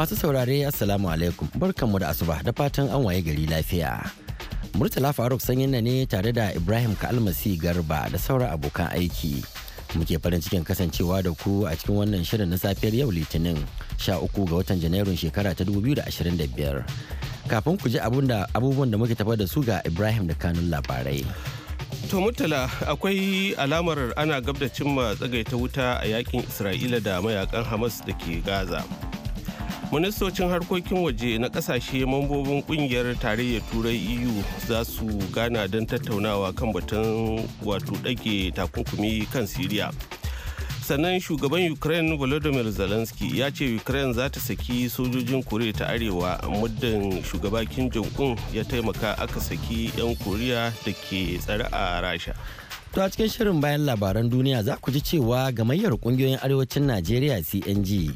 Masu saurare Assalamu alaikum barkanmu da asuba da fatan an waye gari lafiya. Murtala Faruk sanyin ne tare da Ibrahim Kalmasi Garba da saura abokan aiki. Muke farin cikin kasancewa da ku a cikin wannan shirin na safiyar yau Litinin 13 ga watan Janairun shekara ta 2025. Kafin ku ji abubuwan da muke tafa da su ga Ibrahim da kanun labarai. To Murtala akwai alamar ana gabda da cimma tsagaita wuta a yakin Isra'ila da mayakan Hamas da ke Gaza. ministocin harkokin waje na kasashe mambobin kungiyar tarayyar turai eu za su gana don tattaunawa kan batun wato ɗage takunkumi kan syria sannan shugaban ukraine volodymyr zelensky ya ce ukraine za ta saki sojojin korea ta arewa muddin shugaba kim jong ya taimaka aka saki 'yan koriya da ke tsare a rasha To a cikin shirin bayan labaran duniya za ku ji cewa gamayyar kungiyoyin arewacin Najeriya CNG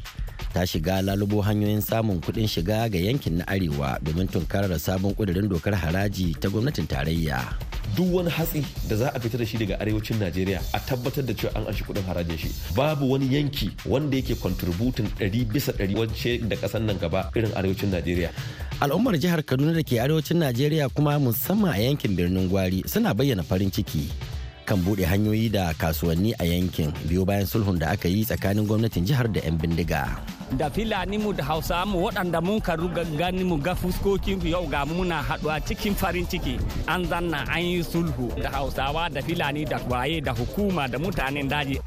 ta shiga lalubo hanyoyin samun kuɗin shiga ga yankin na arewa domin tunkarar sabon ƙudurin dokar haraji ta gwamnatin tarayya. duk wani hatsi da za a fita da shi daga arewacin najeriya a tabbatar da cewa an anshi kudin harajin shi babu wani yanki wanda yake kwantributin 100 bisa 100 wacce da kasan nan gaba irin arewacin najeriya al'ummar jihar kaduna da ke arewacin najeriya kuma musamman a yankin birnin gwari suna bayyana farin ciki kan bude hanyoyi da kasuwanni a yankin biyo bayan sulhun da aka yi tsakanin gwamnatin jihar da 'yan bindiga. Da filani mu da hausa mu waɗanda mun karu gani mu ga fuskokin yau ga muna haɗuwa cikin farin ciki an zanna an yi sulhu da hausawa da filani da waye da hukuma da mutanen daji.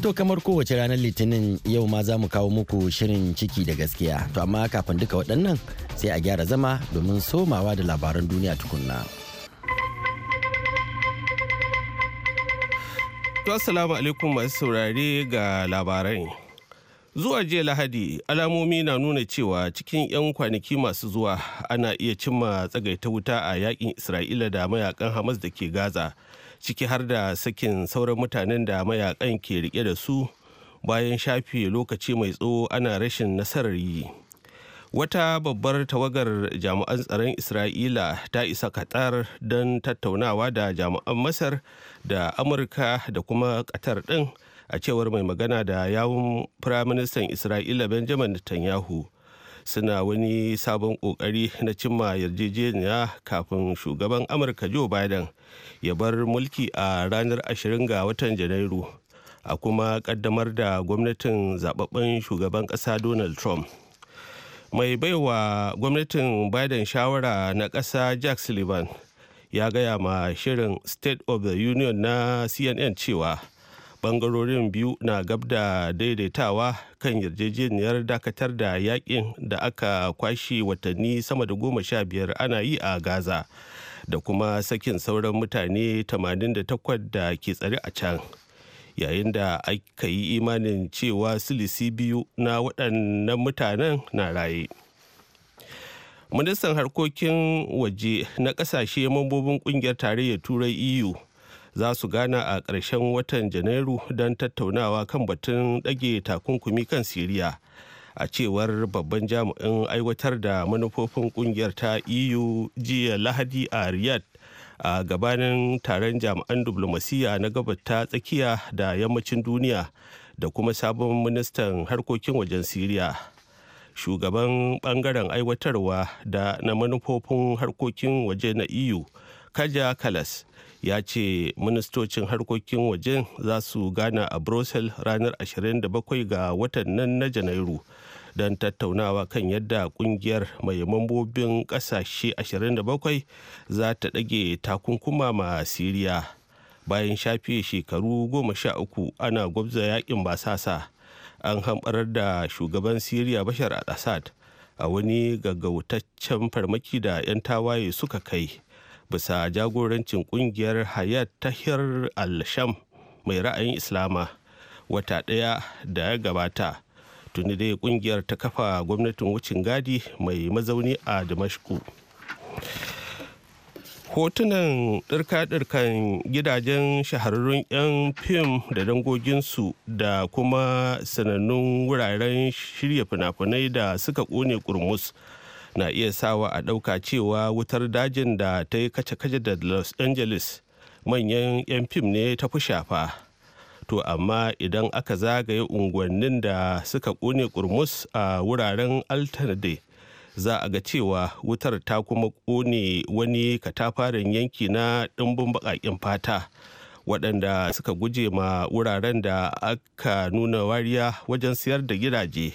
To kamar kowace ranar litinin yau ma za mu kawo muku shirin ciki da gaskiya to amma kafin duka waɗannan sai a gyara zama domin somawa da labaran duniya tukunna. To assalamu alaikum masu saurare ga labarai. Zuwa jiya Lahadi alamomi na nuna cewa cikin 'yan kwanaki masu zuwa ana iya cimma tsagaita wuta a yakin Isra'ila da mayakan Hamas da ke Gaza ciki har da sakin sauran mutanen da mayakan ke rike da su bayan shafe lokaci mai tsawo ana rashin nasarar yi. wata babbar tawagar jami'an tsaron isra'ila ta isa qatar don tattaunawa da jami'an masar da amurka da kuma qatar din a cewar mai magana da yawun firaministan isra'ila benjamin netanyahu suna wani sabon kokari na cimma yarjejeniya kafin shugaban amurka joe biden ya bar mulki a ranar 20 ga watan janairu a kuma kaddamar da gwamnatin zababben shugaban kasa donald trump mai baiwa gwamnatin biden shawara na ƙasa jack sullivan ya gaya ma shirin state of the union na cnn cewa bangarorin biyu na gab da daidaitawa kan yarjejeniyar dakatar da yakin da aka kwashe watanni sama da goma sha biyar ana yi a gaza da kuma sakin sauran mutane 88 da ke tsare a can yayin da aka yi imanin cewa silisi biyu na waɗannan mutanen na raye ministan harkokin waje na ƙasashe mambobin ƙungiyar tarayyar turai eu za su gana a ƙarshen watan janairu don tattaunawa kan batun ɗage takunkumi kan siriya a cewar babban jami'in aiwatar da manufofin ƙungiyar ta eu jiya lahadi a riyadh a gabanin taron jami'an diflomasiyya na gabar ta tsakiya da yammacin duniya da kuma sabon ministan harkokin wajen siriya shugaban bangaren aiwatarwa da na manufofin harkokin waje na eu kaja kalas ya ce ministocin harkokin waje za su gana a brussels ranar 27 ga watan nan na janairu don tattaunawa kan yadda kungiyar mai mambobin kasashe 27 za ta ɗage takunkuma ma siriya bayan shafe shekaru goma sha uku ana gwabza yakin basasa an hamɓarar da shugaban siriya bashar al-assad a wani gaggautaccen farmaki da 'yan tawaye suka kai bisa jagorancin kungiyar hayat tahir al-sham mai ra'ayin islama wata ɗaya da ya gabata tuni dai kungiyar ta kafa gwamnatin wucin gadi mai mazauni a damashku hotunan ɗirka-ɗirkan gidajen shahararrun 'yan fim da dangoginsu da kuma sanannun wuraren shirya fina-finai da suka ƙone kurmus na iya sawa a ɗauka cewa wutar dajin da ta yi kace-kace da los angeles manyan 'yan fim ne ta fi shafa to amma idan aka zagaye unguwannin da suka kone kurmus a wuraren alternate za a ga cewa wutar ta kuma kone wani katafaren yanki na ɗimbin baƙaƙen fata waɗanda suka guje ma wuraren da aka nuna wariya wajen siyar da gidaje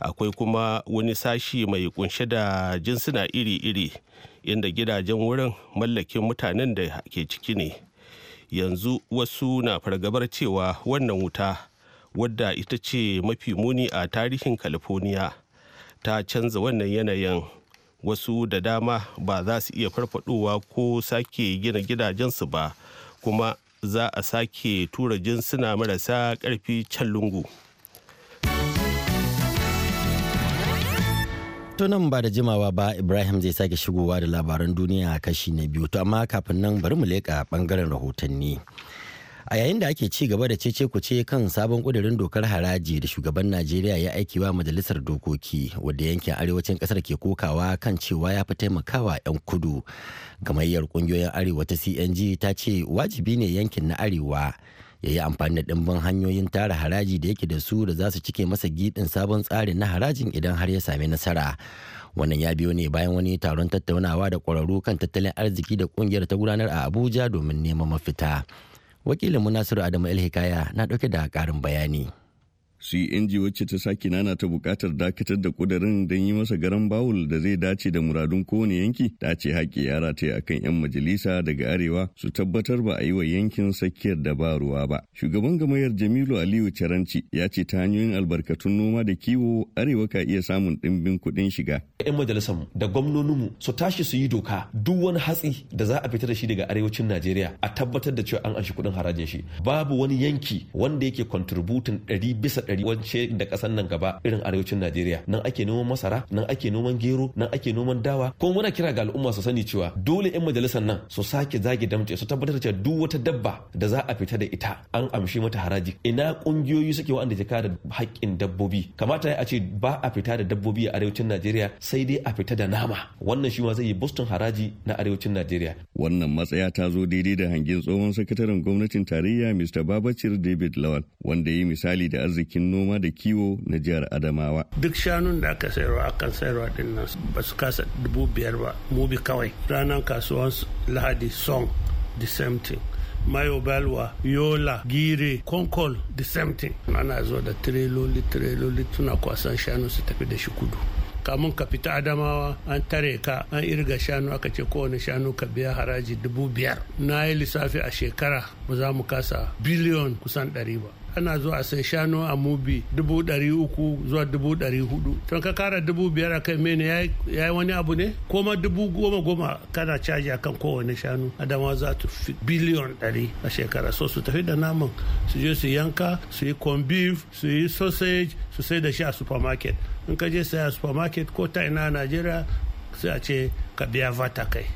akwai kuma wani sashi mai kunshe da jinsuna iri-iri inda gidajen wurin mallakin mutanen da ke ciki ne. yanzu wasu na fargabar cewa wannan wuta wadda ita ce mafi muni a tarihin california ta canza wannan yanayin wasu da dama ba za su iya farfadowa ko sake gina gidajensu ba kuma za a sake tura jinsuna marasa ƙarfi can lungu. To nan ba da jimawa ba Ibrahim zai sake shigowa da labaran duniya kashi na biyu to amma kafin nan bari mu leƙa ɓangaren rahotanni. a yayin da ake ci gaba da cece ce kan sabon kudirin dokar haraji da shugaban najeriya ya aiki wa majalisar dokoki wadda yankin arewacin kasar ke kokawa kan cewa ya fi taimakawa 'yan kudu gamayyar kungiyoyin arewa ta cng ta ce wajibi ne yankin na arewa ya yi amfani da ɗimbin hanyoyin tara haraji da yake da su da za su cike masa giɗin sabon tsarin na harajin idan har ya sami nasara wannan ya biyo ne bayan wani taron tattaunawa da ƙwararru kan tattalin arziki da ƙungiyar ta gudanar a abuja domin neman mafita wakilin Munasiru adamu el hikaya na ɗauke da ƙarin bayani CNG wacce ta sake nana ta bukatar dakatar da kudirin don yi masa garan bawul da zai dace da muradun kowane yanki ta ce haƙƙi yara ta akan 'yan majalisa daga arewa su tabbatar ba a yi wa yankin tsakiyar da ba ruwa ba. Shugaban gamayar Jamilu Aliyu Caranci ya ce ta hanyoyin albarkatun noma da kiwo arewa ka iya samun ɗimbin kuɗin shiga. 'Yan majalisar da mu su tashi su yi doka duk wani hatsi da za a fitar da shi daga arewacin Najeriya a tabbatar da cewa an anshi kuɗin harajin shi. Babu wani yanki wanda yake kontributin ɗari bisa ɗari ɗari da ƙasar nan gaba irin arewacin Najeriya nan ake noman masara nan ake noman gero nan ake noman dawa ko muna kira ga al'umma su sani cewa dole 'yan majalisar nan su sake zage damce su tabbatar cewa duk wata dabba da za a fita da ita an amshi mata haraji ina kungiyoyi suke wanda ke kare haƙƙin dabbobi kamata a ce ba a fita da dabbobi a arewacin Najeriya sai dai a fita da nama wannan shi ma zai yi boston haraji na arewacin Najeriya wannan matsaya ta zo daidai da hangin tsohon sakataren gwamnatin tarayya Mr. Babacir David Lawal wanda ya yi misali da arzikin kamfanin noma da kiwo na jihar Adamawa. Duk shanun da aka sayarwa akan sayarwa din nan ba su kasa dubu biyar ba mu bi kawai ranar kasuwan lahadi song the same thing. mayo balwa yola gire konkol the same thing ana zo da tireloli tireloli tuna kwasan shanu su tafi da shi kudu kamun ka fita adamawa an tare ka an irga shanu aka ce kowane shanu ka biya haraji dubu biyar na yi lissafi a shekara ba za mu kasa biliyon kusan ɗari ba ana zuwa a sai shanu a mubi dubu dari uku zuwa dubu dari hudu don ka kara dubu biyar a kai mene ya yi wani abu ne koma dubu goma goma kana caji a kan kowane shanu adama za ta fi biliyon ɗari a shekara so su tafi da naman su je su yanka su yi corn beef su yi sausage su sai da shi a supermarket in ka je sai a supermarket ko ta ina a najeriya sai a ce ka biya vata kai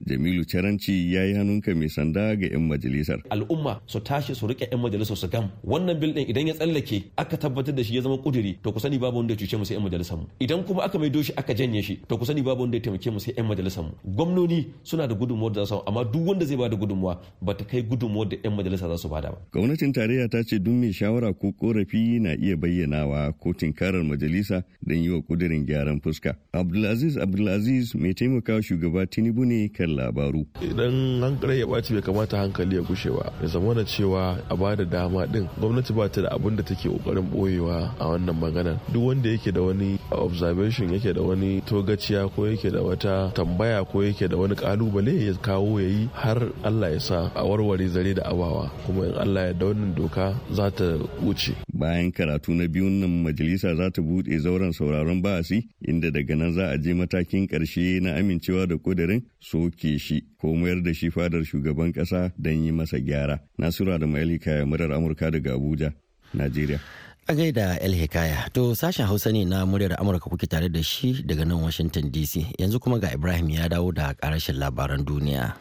Jamilu Caranci ya yi hannunka mai sanda ga 'yan majalisar. Al'umma su tashi su rike 'yan majalisar su gam. Wannan bil ɗin idan ya tsallake aka tabbatar da shi ya zama kuduri to ku sani babu wanda ya cuce mu sai 'yan majalisar mu. Idan kuma aka maido shi aka janye shi to ku sani babu wanda ya taimake mu sai 'yan majalisar mu. Gwamnoni suna da gudunmuwar da za su amma duk wanda zai bada gudunmuwa ba ta kai gudunmuwar da 'yan majalisa za su bada ba. Gwamnatin tarayya ta ce duk mai shawara ko korafi na iya bayyanawa ko tinkarar majalisa don yi wa kudirin gyaran fuska. Abdulaziz Abdulaziz mai taimakawa shugaba Tinubu ne manyan labaru. Idan hankali ya ɓaci bai kamata hankali ya gushe ba. Ya zama da cewa a ba da dama din gwamnati ba ta da abin da take ƙoƙarin ɓoyewa a wannan magana Duk wanda yake da wani observation yake da wani togaciya ko yake da wata tambaya ko yake da wani ƙalubale ya kawo ya yi har Allah ya sa a warware zare da abawa kuma in Allah ya da wannan doka za ta wuce. bayan karatu na biyun nan majalisa za ta buɗe zauren sauraron ba'asi inda daga nan za a je matakin ƙarshe na amincewa da ƙudurin soke shi ko mayar da shi fadar shugaban ƙasa don yi masa gyara nasura da mailika murar amurka daga abuja najeriya a gaida el hikaya to sashen hausa ne na muryar amurka kuke tare da shi daga nan washington dc yanzu kuma ga ibrahim ya dawo da karashin labaran duniya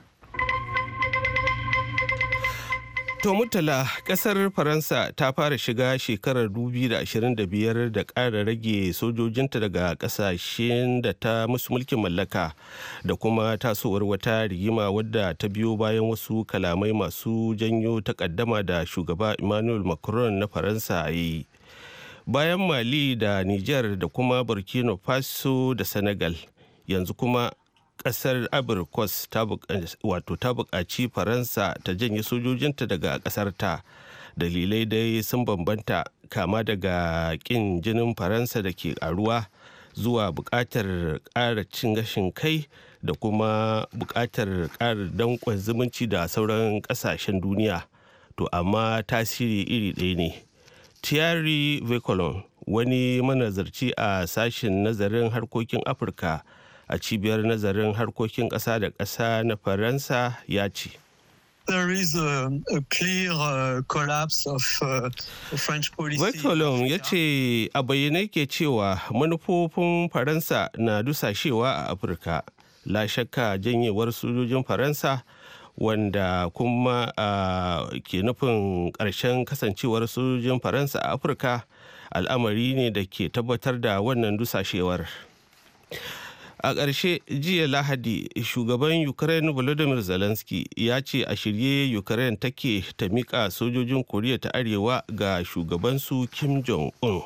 To mutala kasar Faransa ta fara shiga shekarar 2025 da ƙara rage sojojinta daga ƙasashen da ta musu mulkin mallaka da kuma tasowar wata rigima wadda ta biyo bayan wasu kalamai masu janyo takaddama da shugaba Emmanuel Macron na Faransa yi. Bayan Mali da niger da kuma Burkina Faso da Senegal yanzu kuma kasar wato ta buƙaci Faransa ta janye sojojinta daga kasar ta. Dalilai dai sun bambanta kama daga ƙin jinin Faransa da ke ƙaruwa zuwa buƙatar ƙara cin gashin kai da kuma buƙatar ƙara danƙon zumunci da sauran ƙasashen duniya. To amma tasiri iri ɗaya ne. Thierry Vecolon wani manazarci a sashen nazarin harkokin Afirka a cibiyar nazarin harkokin ƙasa da ƙasa na faransa ya ce There uh, uh, ya ce a bayyane ke cewa manufofin Faransa na dusashewa a Afirka. La shakka janyewar sojojin Faransa wanda kuma a uh, ke nufin ƙarshen kasancewar sojojin Faransa a Afirka al'amari ne da ke tabbatar da wannan dusashewar. a ƙarshe jiya lahadi shugaban ukraine volodymyr zelensky ya ce a shirye ukraine take ta miƙa sojojin koriya ta arewa ga shugabansu kim jong-un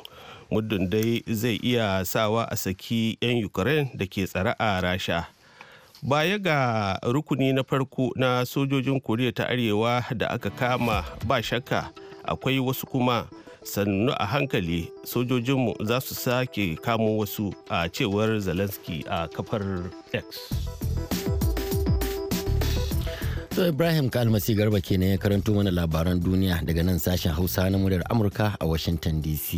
muddin dai zai iya sawa a saki 'yan ukraine da ke tsare a rasha baya ga rukuni na farko na sojojin koriya ta arewa da aka kama ba shakka akwai wasu kuma sannu a hankali sojojinmu za su sake kamo wasu a cewar zelensky a kafar x to ibrahim kalmasi garba ke ya karanto mana labaran duniya daga nan sashen hausa na muryar amurka a washington dc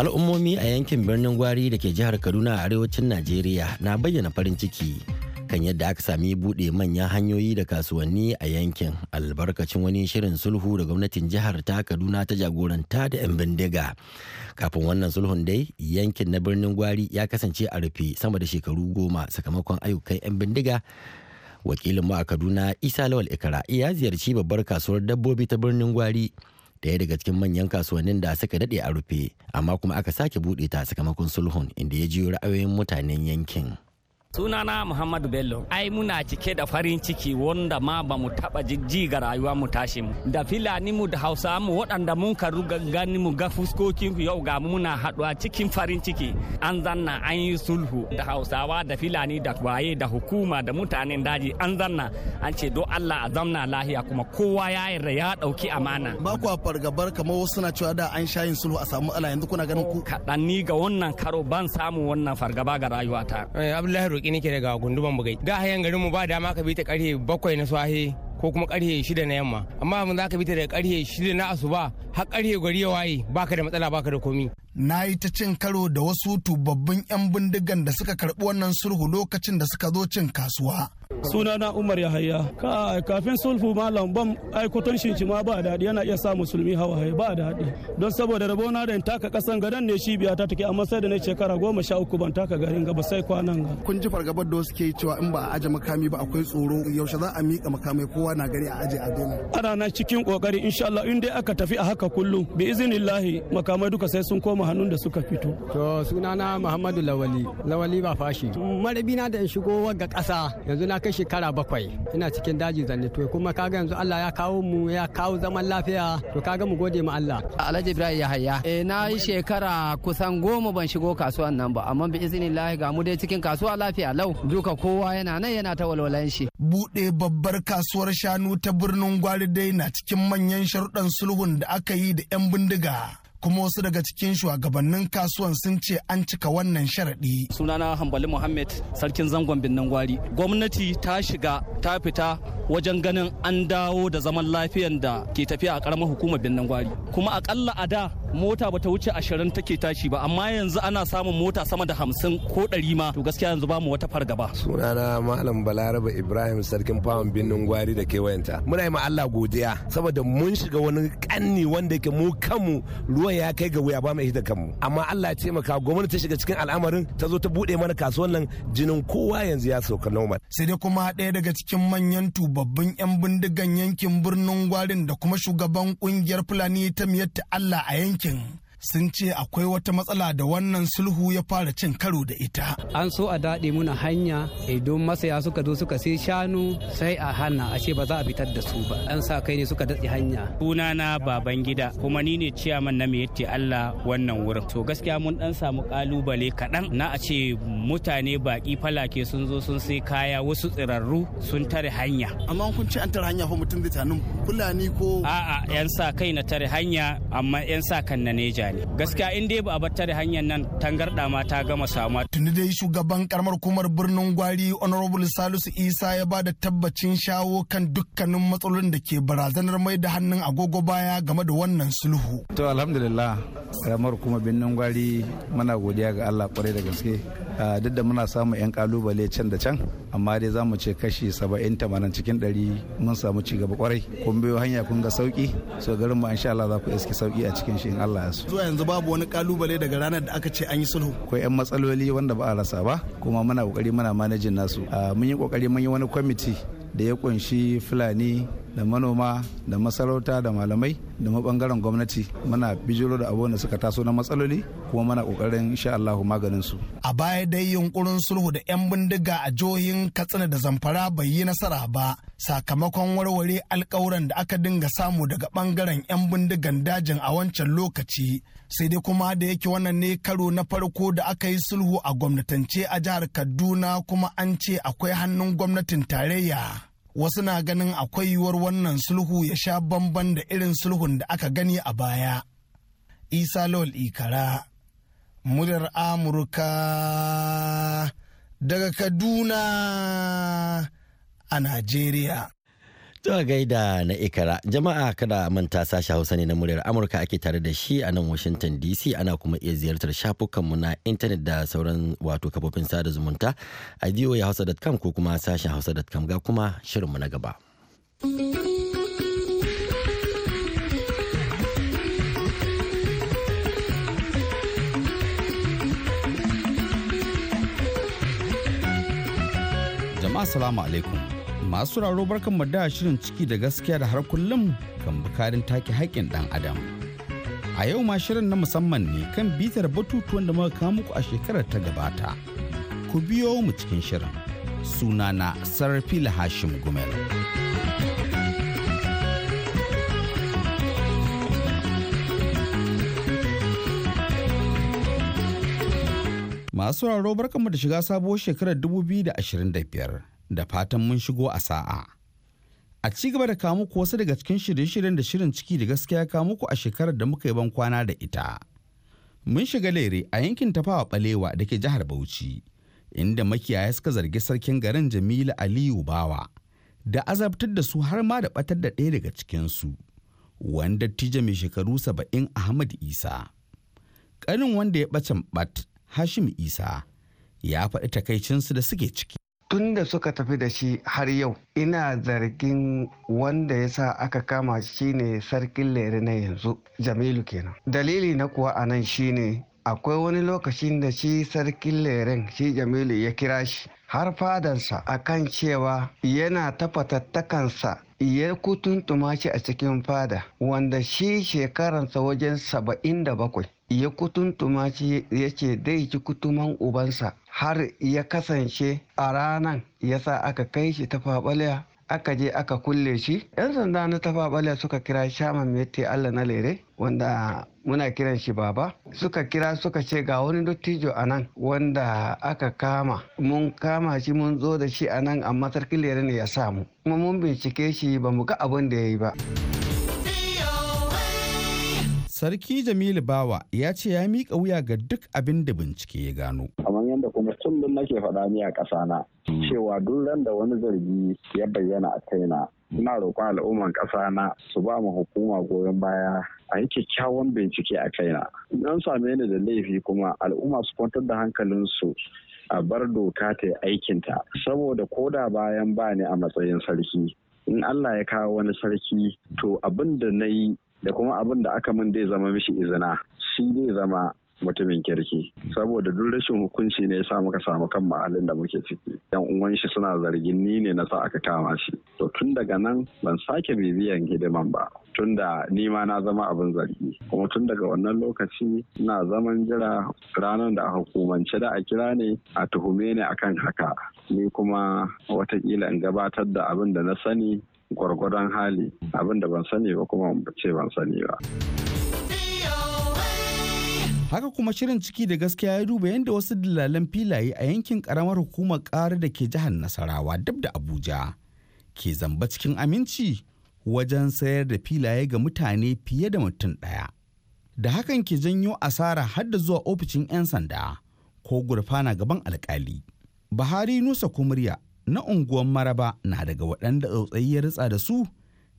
al'ummomi a yankin birnin gwari da ke jihar kaduna a arewacin najeriya na bayyana farin ciki kan yadda aka sami buɗe manyan hanyoyi da kasuwanni a yankin albarkacin wani shirin sulhu da gwamnatin jihar ta kaduna ta jagoranta da 'yan bindiga kafin wannan sulhun dai yankin na birnin gwari ya kasance a rufe sama da shekaru goma sakamakon ayyukan 'yan bindiga wakilin mu a kaduna isa lawal ikara ya ziyarci babbar kasuwar dabbobi ta birnin gwari daya daga cikin manyan kasuwannin da suka daɗe a rufe amma kuma aka sake buɗe ta sakamakon sulhun inda ya jiyo ra'ayoyin mutanen yankin. sunana muhammadu bello ai muna cike da farin ciki wanda ma ba mu taba jijji ga rayuwa mu tashi mu da filani mu da hausa mu waɗanda mun karu gani mu ga fuskokin ku yau ga muna haɗuwa cikin farin ciki an zanna an yi sulhu da hausawa da filani da waye da hukuma da mutanen daji an zanna an ce do allah a zamna lahiya kuma kowa ya yarda ya ɗauki amana ba ku fargabar kamar wasu suna cewa da an sha yin sulhu a samu ala yanzu kuna ganin ku kaɗan ni ga wannan karo ban samu wannan fargaba ga rayuwata eh, abdullahi roƙi nake daga gunduman bugai da hayan garin mu ba dama ka bi ta karfe bakwai na swahe ko kuma karye shida na yamma amma mun za ka bi ta daga karfe shida na asuba har karye gari ya waye baka da matsala baka da komi na yi ta cin karo da wasu tubabbin 'yan bindigan da suka karbi wannan sulhu lokacin da suka zo cin kasuwa. sunana umar ya yahaya kafin sulhu malam ban aikoton shinci ma ba daɗi yana iya sa musulmi hawa hawaye ba daɗi don saboda rabona da taka kasan gadan ne shi biya ta take amma sai da na shekara goma sha uku ban taka garin gaba sai kwanan ga kun ji fargabar da wasu ke cewa in ba a aje makami ba akwai tsoro yaushe za a miƙa makamai kowa na gari a aje a daina ana na cikin kokari insha Allah in dai aka tafi a haka kullum bi lahi makamai duka sai sun koma goma hannun da suka fito. To sunana Muhammadu Lawali, Lawali ba fashi. Marabina da in shigo ga kasa. yanzu na kai shekara bakwai ina cikin daji zanne to kuma kaga yanzu Allah ya kawo mu ya kawo zaman lafiya to kaga mu gode ma Allah. Alhaji Ibrahim Yahaya. Eh na yi shekara kusan goma ban shigo kasuwan nan ba amma bi iznillahi ga mu dai cikin kasuwa lafiya lau duka kowa yana nan yana ta walwalan shi. Buɗe babbar kasuwar shanu ta birnin Gwari dai na cikin manyan sharuɗan sulhun da aka yi da 'yan bindiga. kuma wasu daga cikin shugabannin kasuwan sun ce an cika wannan sharaɗi. sunana hambali muhammed sarkin zangon binnan gwari gwamnati ta shiga ta fita wajen ganin an dawo da zaman lafiyan da ke tafiya a karamar hukumar binnan gwari kuma akalla a da mota bata wuce ashirin take tashi ba amma yanzu ana samun mota sama da hamsin ko ɗari ma to gaskiya yanzu bamu wata fargaba sunana malam balaraba ibrahim sarkin fawon binnin gwari da kewayenta muna yi ma allah godiya saboda mun shiga wani kanni wanda ke mu kanmu ruwa abin ya kai ga wuya ba mai da kanmu amma Allah ya taimaka gwamnati ta shiga cikin al'amarin ta zo ta bude mana kasuwan nan jinin kowa yanzu ya sauka normal sai dai kuma ɗaya daga cikin manyan tubabbin yan bindigan yankin birnin gwarin da kuma shugaban kungiyar fulani ta ta Allah a yankin sun ce akwai wata matsala da wannan sulhu ya fara cin karo da ita. An so a daɗe muna hanya idan masaya suka zo suka sai shanu sai a hana a ce ba za a fitar da su ba. An sa kai ne suka daɗe hanya. na baban gida kuma ni ne ciyaman na yatti Allah wannan wurin. To gaskiya mun ɗan samu ƙalubale kaɗan na a ce mutane baƙi falake sun zo sun sai kaya wasu tsirarru sun tare hanya. Amma kun ce an tare hanya fa mutum zai tanin Fulani ko. A'a 'yan sa kai na tare hanya amma 'yan sa kan na neja ne gaskiya in dai ba a bar da hanyar nan tangarda ma ta gama samuwa tuni dai shugaban karamar hukumar birnin gwari honorable salisu isa ya ba da tabbacin shawo kan dukkanin matsalolin da ke barazanar mai da hannun agogo baya game da wannan sulhu to alhamdulillah karamar hukumar birnin gwari muna godiya ga allah kwarai da gaske Ah, duk da muna samun 'yan kalubale can da can amma dai za mu ce kashi 70-80 cikin 100 mun samu ci gaba kwarai kun biyo hanya kun ga sauki so garin mu insha Allah za ku iske sauki a cikin shi in Allah ya so zuwa yanzu babu wani kalubale daga ranar da aka ce an yi sulhu Ko 'yan matsaloli wanda ba a rasa ba kuma muna kokari muna manajin nasu ah, mun yi kokari mun yi wani kwamiti da ya kunshi fulani da manoma da masarauta da malamai da mabangaren gwamnati muna bijiro da abubuwan da suka taso na matsaloli kuma muna kokarin insha Allahu maganin su a baya dai yunkurin sulhu da yan bindiga a jihohin Katsina da Zamfara bai yi nasara ba sakamakon warware alkawuran da aka dinga samu daga bangaren yan bindigan dajin a wancan lokaci sai dai kuma da yake wannan ne karo na farko da aka yi sulhu a gwamnatance a jihar Kaduna kuma an ce akwai hannun gwamnatin tarayya wasu na ganin akwai yiwuwar wannan sulhu ya sha bamban da irin sulhun da aka gani a baya isa lol ikara mudar amurka daga kaduna a najeriya To gaida na ikara jama'a kada manta sashi hausa ne na muryar amurka ake tare da shi a nan washington dc ana kuma iya ziyartar shafukanmu na intanet da sauran wato kafofin sada zumunta a voahausa.com ko kuma sashen hausa.com ga kuma shirinmu na gaba. jama'a salamu alaikum masu raro barkan mu da shirin ciki da gaskiya da har kullum kan bukarin take haƙƙin dan adam a yau ma shirin na musamman ne kan bitar batutuwan da muka kawo muku a shekarar ta gabata ku biyo mu cikin shirin sunana sarrafi hashim gumel masu raro barkanmu da shiga sabuwar shekarar 2025 da fatan mun shigo a sa'a. A ci gaba da kamu muku wasu daga cikin shirye-shiryen da shirin ciki da gaskiya kamu muku a shekarar da muka yi ban kwana da ita. Mun shiga lere a yankin tafawa balewa da ke jihar Bauchi, inda makiyaya suka zargi sarkin garin Jamilu Aliyu Bawa da azabtar da su har ma da batar da ɗaya daga cikinsu, wanda tija mai shekaru saba'in Ahmad Isa. Ƙanin wanda ya ɓacin ɓat Hashim Isa ya faɗi takaicinsu da suke ciki. tun da suka tafi da shi har yau ina zargin wanda ya sa aka kama shi ne sarkin lere na yanzu jamilu kenan dalili na kuwa a nan shine akwai wani lokacin da shi sarkin leren shi jamilu ya kira shi har fadansa kan cewa yana tafatattakansa ya kutuntuma shi a cikin fada wanda shi shekaransa wajen saba'in da bakwai ya kutuntuma shi ya ce zai ci kutuman ubansa har ya kasance a ranan ya sa aka kai shi ta tafaɓalya aka je aka kulle shi yan sanda na tafaɓalya suka kira shaman mete allah na lere wanda muna kiran shi baba suka kira suka ce ga wani dottijo a nan wanda aka kama mun kama shi mun zo da shi a nan amma sarki lere ne ya samu kuma mun bincike shi ba mu ga abin da ya yi ba. Sarki Jamilu Bawa ya ce ya miƙa wuya ga duk abin da bincike ya gano. Kamar yadda kuma kullum nake faɗa ni a ƙasana hmm. cewa duk ran da wani zargi ya bayyana a kaina ina roƙon al'umman ƙasa na su ba mu hukuma goyon baya a yi kyakkyawan bincike a kaina don same ni da laifi kuma al'umma su kwantar da hankalinsu a bar doka ta yi aikinta saboda ko da bayan ba ne a matsayin sarki in Allah ya kawo wani sarki to abin da na yi da kuma abin da aka min zai zama mishi izina shi zai zama mutumin kirki saboda duk rashin hukunci ne yasa muka samu kan ma'alin da muke ciki yan uwan shi suna zargin ni ne na sa aka kama shi to tun daga nan ban sake bibiyan hidiman ba tun da ni ma na zama abin zargi kuma tun daga wannan lokaci na zaman jira ranar da a hukumance da a kira ne a tuhume ne akan haka ni kuma watakila in gabatar da abin da na sani gwargwadon hali abin da ban sani ba kuma ce ban sani ba. Haka kuma shirin ciki da gaskiya ya duba yadda wasu dillalan filaye a yankin karamar hukumar ƙara da ke jihar Nasarawa dab da Abuja ke zamba cikin aminci wajen sayar da filaye ga mutane fiye da mutum ɗaya. Da hakan ke janyo asara har da zuwa ofishin 'yan sanda ko gurfana gaban alkali. Buhari Nusa Kumriya na unguwar maraba na daga waɗanda tsautsayi ya ritsa da su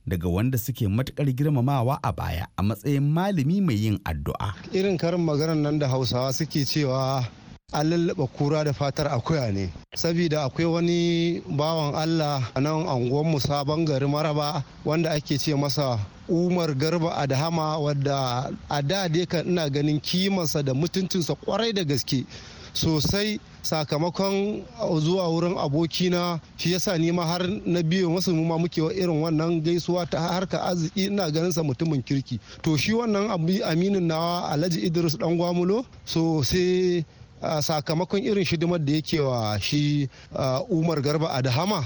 daga wanda suke matukar girmamawa a baya a matsayin malami mai yin addu'a. Irin karin maganar nan da Hausawa suke cewa an lallaba kura da fatar akuya ne. saboda akwai wani bawan Allah a nan anguwan sabon gari maraba wanda ake ce masa umar garba Hama, wadda a da dai ina ganin kimansa da mutuncinsa kwarai da gaske sosai sakamakon zuwa wurin abokina shi yasa ni ma har na biyu masu ma muke irin wannan gaisuwa ta harka arziki ina ganin sa mutumin kirki to shi wannan aminin nawa alhaji idris dan gwamulo so sakamakon irin shidimar da yake wa shi umar garba adahama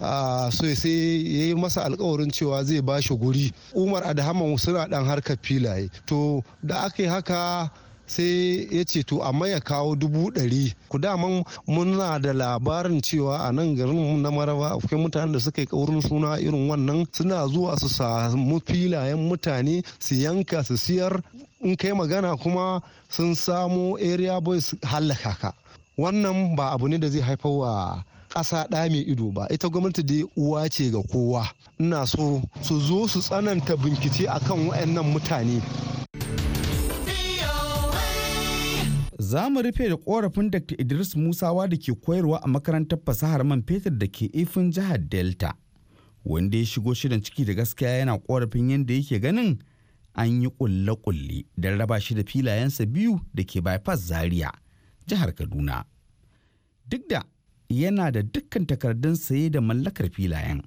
dahama sai ya yi masa alkawarin cewa zai ba shi guri umar adahama suna dan harkar filaye to da aka yi haka sai ya ce to amma ya kawo dubu ɗari ku daman muna da labarin cewa a nan garin na maraba akwai mutanen da suka yi kaurin suna irin wannan suna zuwa su samu filayen mutane su yanka su siyar in kai magana kuma sun samo area boys hallaka ka wannan ba abu ne da zai haifar wa ƙasa ɗa mai ido ba ita gwamnati dai uwa ce ga kowa ina so su zo su tsananta bincike akan waɗannan mutane za mu rufe da korafin dr idris musawa da ke koyarwa a makarantar fasahar man fetur da ke ifin jihar delta wanda ya shigo shirin ciki da gaskiya yana korafin yadda yake ganin an yi kulle-kulle don raba shi da filayensa biyu da ke bypass zaria jihar kaduna duk da yana da dukkan takardun saye da mallakar filayen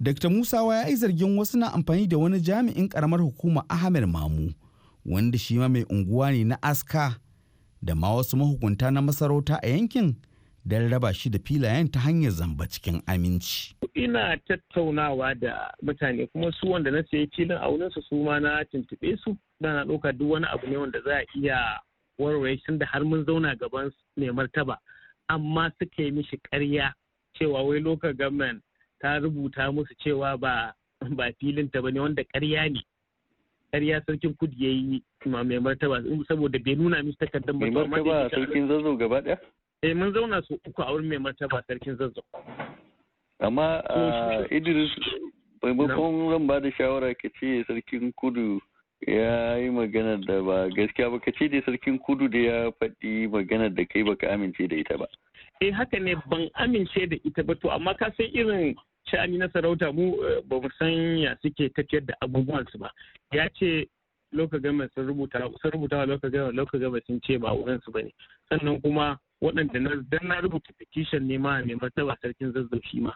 dr musawa ya yi zargin wasu na amfani da wani jami'in karamar hukuma ahmed mamu wanda shi ma mai unguwa ne na aska da ma wasu mahukunta na masarauta a yankin don raba shi da filayen ta hanyar zamba cikin aminci. Ina tattaunawa da mutane kuma su wanda na sayi filin a wurinsu su ma na tuntuɓe su da na ɗauka duk wani abu ne wanda za a iya warware shi da har mun zauna gaban ne martaba amma suka yi mishi ƙarya cewa wai local government ta rubuta musu cewa ba ba filin ta bane wanda ƙarya ne. Ƙarya sarkin kudi ya yi ma mai martaba saboda bai nuna mishi takardar Mai martaba sarkin zazzau gaba daya Eh mun zauna su uku a wurin mai martaba sarkin zazzau. Amma ah, Idris maimakon zan ba da shawara ka ce sarkin kudu ya yi magana da ba gaskiya ba ka ce dai sarkin kudu da ya faɗi magana da kai baka amince da ita ba. Eh haka ne ban amince da ita ba to amma ka san irin sha'ani na sarauta mu eh, ba mu san ya suke tafiyar da abubuwansu ba. Ya ce loka gama sun rubuta sun rubuta loka gama loka sun ce ba wurin su bane sannan kuma waɗanda na na rubuta petition ne ma mai martaba sarkin zazzafi ma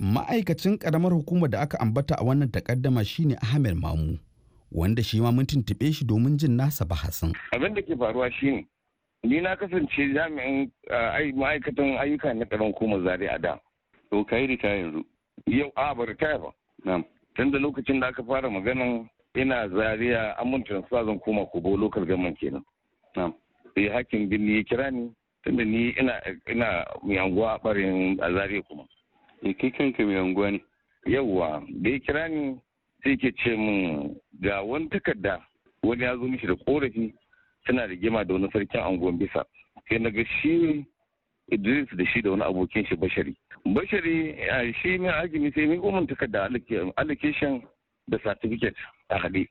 ma'aikacin karamar hukumar da aka ambata a wannan takaddama shine Ahmed Mamu wanda shi ma mun tuntube shi domin jin nasa bahasin abin da ke faruwa shine ni na kasance jami'in eh, ma'aikatan ayyuka na karamar hukumar zare a da to kai ritaya yanzu yau a ba ritaya ba tun da lokacin da aka fara maganin ina zaria amintan sa zan koma kobo lokal gaman kenan sai eh, hakin birni ya kira ni tun da ni ina ina mai anguwa a barin a zariya kuma e kai kanka mai anguwa ne yawwa da ya kira ni sai ke ce min ga wani takarda wani ya zo mishi da korafi tana da gima da wani sarkin anguwan bisa sai na ga shi Idris da shi da wani abokin shi Bashari. Bashari shi ne ajimi sai ni umar kada allocation da certificate a haɗe.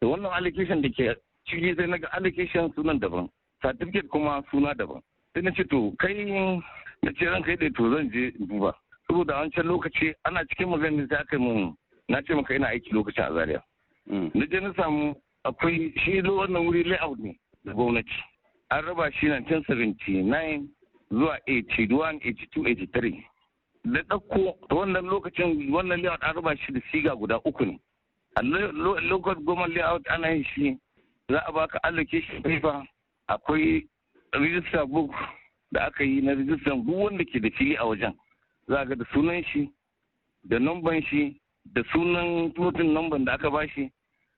Da wannan allocation da ke ciki sai naga allocation sunan daban, certificate kuma suna daban. Sai na ce to kai na ce ran kai da to zan je duba. Saboda a wancan lokaci ana cikin maganin sai aka mun na ce maka ina aiki lokacin a Zaria. Hmm. Na je na samu akwai shi wannan wuri layout ne da gwamnati. An raba shi 1979 zuwa 81 82 83 da ɗauko wannan lokacin wannan layout an raba shi da siga guda uku ne a lokacin goma layout ana yin shi za a baka allocation paper akwai register book da aka yi na register duk wanda ke da fili a wajen za ga da sunan shi da numban shi da sunan plotin numban da aka ba shi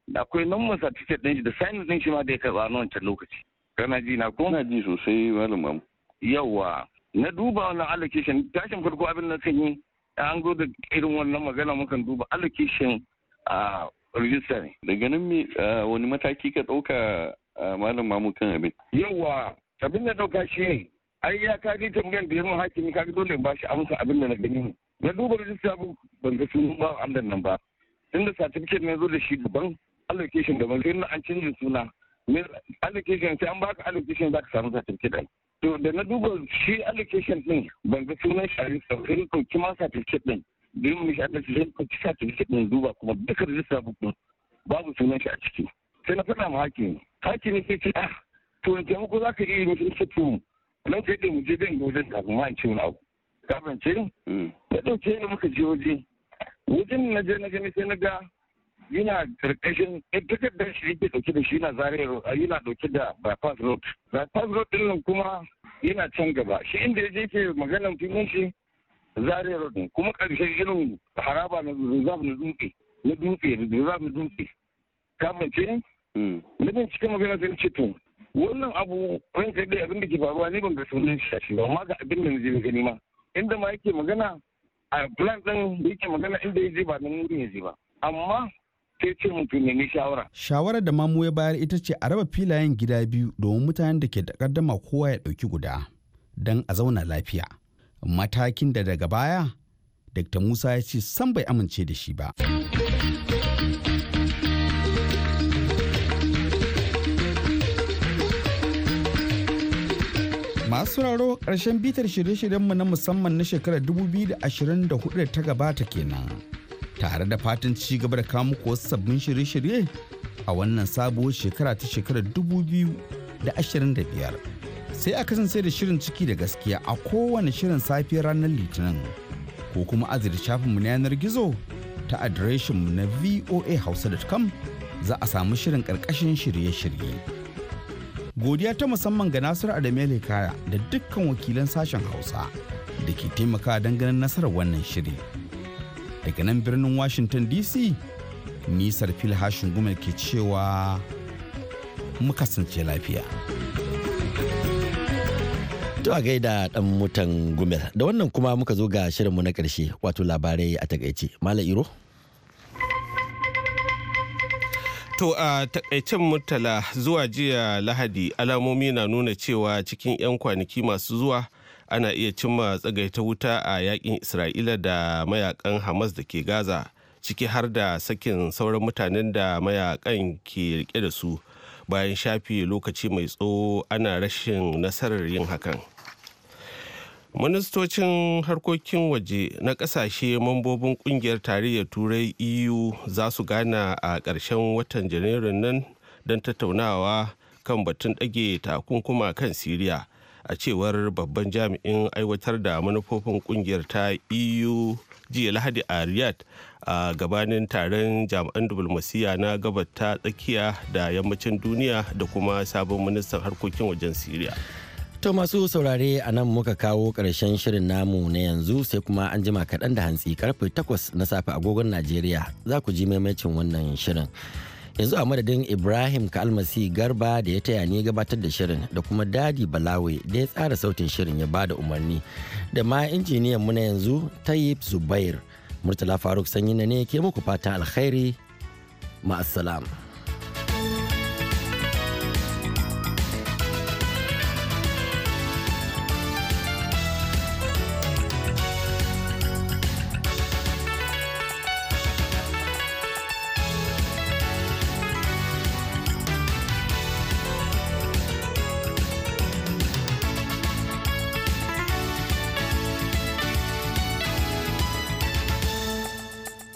da akwai numban certificate din shi da sign din shi ma da ya karɓa na wancan lokaci kana ji na ko Kana ji sosai malam yawa na duba wannan allocation tashin farko abin na kan yi an zo da irin wannan magana mukan duba allocation a register da daga nan me wani mataki ka ɗauka malam mamu kan abin yawa abin da dauka shi ne ai ya kaji tambayar da yamin hakimi ga dole ba shi amsa abin da na gani na duba bu ban ga sunan ba amdan nan ba inda certificate ne zo da shi daban allocation daban sai an canjin suna allocation sai an baka allocation ka samu certificate To da na duba shi allocation din ban ga sunan shari'a sai na ko kima certificate din. din mu shi allocation sai ɗauki certificate din duba kuma duka rijista din babu sunan shi a ciki. Sai na faɗa ma hakimi. ne sai ce ah to in taimako za ka iya mutum sai to nan kai mu je zan ga da kuma ma in ce wani abu. Kafin ce? Ya mm. ɗauke ni muka je waje. Wajen na je na gani sai na ga yana karkashin eh, takardar shi yake dauke da shi na zariyar yana dauke da bypass road bypass road din nan kuma yana can gaba shi inda yaje ke maganar filin shi zariyar road ne kuma karshen irin haraba na reserve na dutse na dutse reserve na dutse kamar ce ne mm. bin cikin magana sai ce to wannan abu ranka dai abin da ke faruwa ne ban ga sunan shi ba amma ga abin da na je gani ma inda ma yake magana a plan din da yake magana inda ya je ba nan wurin ya je ba amma ce mutum nemi shawara. Shawarar da mamu ya bayar ita ce a raba filayen gida biyu domin mutanen da ke da kaddama kowa ya ɗauki guda don a zauna lafiya. Matakin da daga baya, Dr. Musa ya ce san bai amince da shi ba. masu raro ƙarshen bitar shirye-shiryenmu na musamman na shekarar 2024 da ta gabata kenan. tare da fatan ci gaba da kawo muku wasu sabbin shirye-shirye a wannan sabuwar shekara ta shekarar biyar. sai a kasance da shirin ciki da gaskiya a kowane shirin safiyar ranar litinin ko kuma azir shafinmu na yanar gizo ta adireshinmu na voahausa.com za a samu shirin karkashin shirye-shirye godiya ta musamman ga nasiru adamele kaya da dukkan wakilan sashen hausa da ke taimaka don ganin nasarar wannan shirin. daga nan birnin washington dc nisar filhashin guma ke cewa mu kasance lafiya To a gaida dan mutan gumel da wannan kuma muka zo ga shirinmu na karshe wato labarai a takaice mala Iro. To a takaicin murtala zuwa jiya lahadi alamomi na nuna cewa cikin 'yan kwanaki masu zuwa ana iya cimma tsagaita wuta a yakin isra'ila da mayakan hamas da ke gaza ciki har da sakin sauran mutanen da mayakan ke rike da su bayan shafi lokaci mai tsoho ana rashin nasarar yin hakan ministocin harkokin waje na kasashe mambobin kungiyar tarayyar turai eu za su gana a ƙarshen watan janairun nan don tattaunawa kan batun ɗage takunkuma kan siriya a cewar babban jami'in aiwatar da manufofin kungiyar ta eu jiya lahadi a riyadh a gabanin taron jami'an diflomasiyya na gabar ta tsakiya da yammacin duniya da kuma sabon ministan harkokin wajen syria To masu saurare a nan muka kawo karshen shirin namu na yanzu sai kuma an jima kaɗan da hantsi karfe 8 na safe agogon Najeriya za ku ji maimacin wannan shirin. yanzu a madadin ibrahim kalmasi garba da ya taya ni gabatar da shirin da kuma dadi balawe da ya tsara sautin shirin ya bada umarni da ma injiniyan mu na yanzu tayib zubair murtala faruk sanyi na ne ke muku fatan alkhairi ma'assalam.